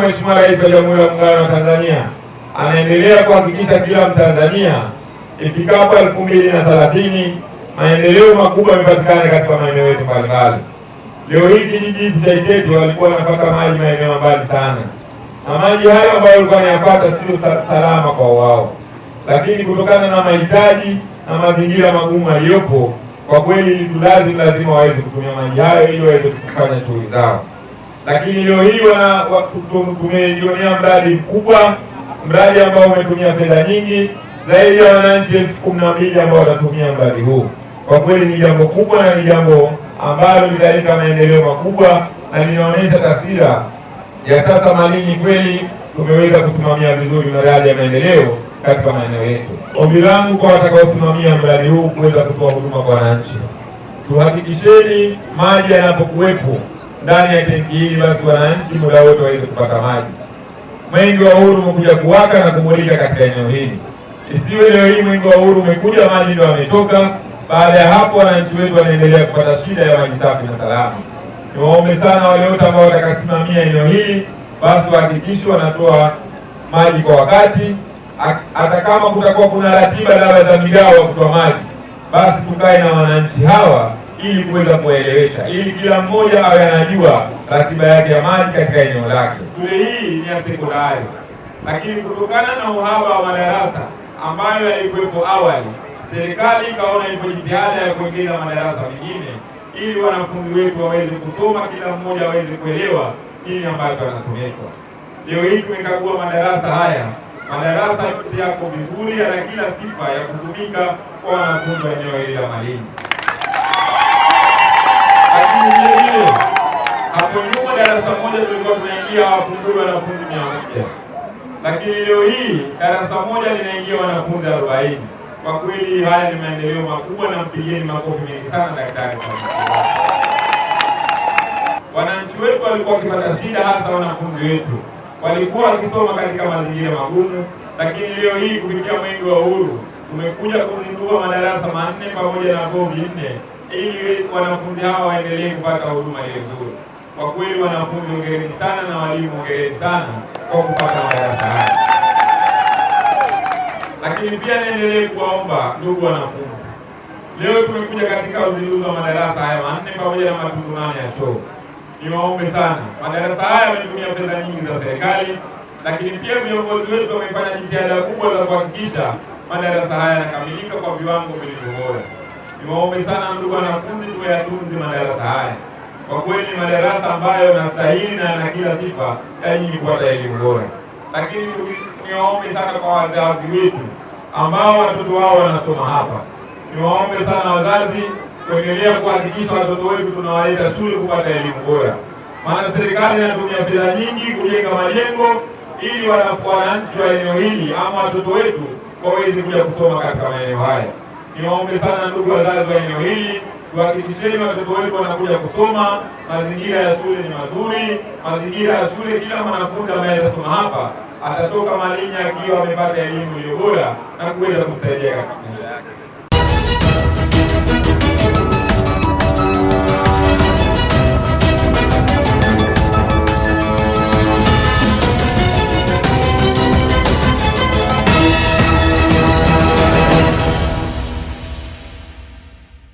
Mheshimiwa Rais wa Jamhuri ya Muungano wa Tanzania anaendelea kuhakikisha kila Mtanzania ifikapo elfu mbili na thelathini maendeleo makubwa yamepatikana katika maeneo yetu mbalimbali. Leo hii kijiji cha Itete walikuwa wanapata maji maeneo mbali sana, na maji hayo ambayo walikuwa wanayapata sio salama kwa wao, lakini kutokana na mahitaji na mazingira magumu aliyopo, kwa kweli lazima lazima waweze kutumia maji hayo ili waweze kufanya shughuli zao lakini leo hii tumejionea mradi mkubwa, mradi ambao umetumia fedha nyingi zaidi ya wananchi elfu kumi na mbili ambao watatumia mradi huu. Kwa kweli ni jambo kubwa na ni jambo ambalo litaleta maendeleo makubwa na linaonyesha taswira ya sasa Malinyi kweli tumeweza kusimamia vizuri miradi ya maendeleo katika maeneo yetu. Ombi langu kwa watakaosimamia mradi huu kuweza kutoa huduma kwa wananchi, tuhakikisheni maji yanapokuwepo ndani ya tenki hili, basi wananchi muda wote waweze kupata maji. Mwenge wa Uhuru umekuja kuwaka na kumulika katika eneo hili, isiwe leo hii mwenge wa Uhuru umekuja, maji ndio wametoka. Baada ya hapo, wananchi wetu wanaendelea kupata shida ya maji safi na salama. Niwaombe sana wale wote ambao watakasimamia eneo hili, basi wahakikishe wanatoa maji kwa wakati. Hata kama kutakuwa kuna ratiba labda za migao wa kutoa maji, basi tukae na wananchi hawa ili kuweza kuelewesha, ili kila mmoja awe anajua ratiba yake ya maji katika eneo lake. Shule hii ni ya sekondari, lakini kutokana na uhaba wa madarasa ambayo yalikuwepo awali, serikali ikaona ipo jitihada ya kuongeza madarasa mengine ili wanafunzi wetu waweze kusoma, kila mmoja aweze kuelewa nini ambacho anasomeshwa. Leo hii tumekagua madarasa haya, madarasa yote yako vizuri, yana kila sifa ya kutumika kwa wanafunzi wa eneo hili la Malindi. Nyingi hapo nyuma, darasa moja tulikuwa tunaingia wapunguli wanafunzi mia moja lakini leo hii darasa moja linaingia wanafunzi arobaini. Kwa kweli haya ni maendeleo makubwa, na mpigieni makofi mengi sana Daktari Samia. Wananchi wetu walikuwa wakipata shida, hasa wanafunzi wetu walikuwa wakisoma katika mazingira magumu, lakini leo hii kupitia Mwenge wa Uhuru tumekuja kuzindua madarasa manne pamoja na vyoo vinne ili wanafunzi hawa waendelee kupata huduma ile nzuri. Kwa kweli, wanafunzi ongereni sana na walimu ongereni sana kwa kupata madarasa haya. Lakini pia naendelee kuwaomba ndugu wanafunzi, leo tumekuja katika uzinduzi wa madarasa haya manne pamoja na matundu nane ya choo. Niwaombe sana, madarasa haya yametumia fedha nyingi za serikali, lakini pia viongozi wetu wamefanya jitihada kubwa za kuhakikisha madarasa haya yanakamilika kwa viwango vilivyo bora. Niwaombe sana ndugu wanafunzi, tuyatunze madarasa haya kwa kweli, madarasa ambayo yanastahili na na kila sifa ya yaani nyinyi kupata elimu bora. Lakini niwaombe sana kwa wazazi wetu ambao watoto wao wanasoma hapa, niwaombe sana wazazi kuendelea kuhakikisha watoto wetu tunawaleta shule kupata elimu bora, maana serikali inatumia fedha nyingi kujenga majengo ili wananchi wa eneo hili ama watoto wetu waweze kuja kusoma katika maeneo haya. Niwaombe sana ndugu wazazi wa eneo hili, tuhakikisheni watoto wetu wanakuja kusoma. Mazingira ya shule ni mazuri, mazingira ya shule, kila mwanafunzi ambaye atasoma hapa atatoka Malinyi akiwa amepata elimu iliyo bora na kuweza kumsaidia katika maisha yake.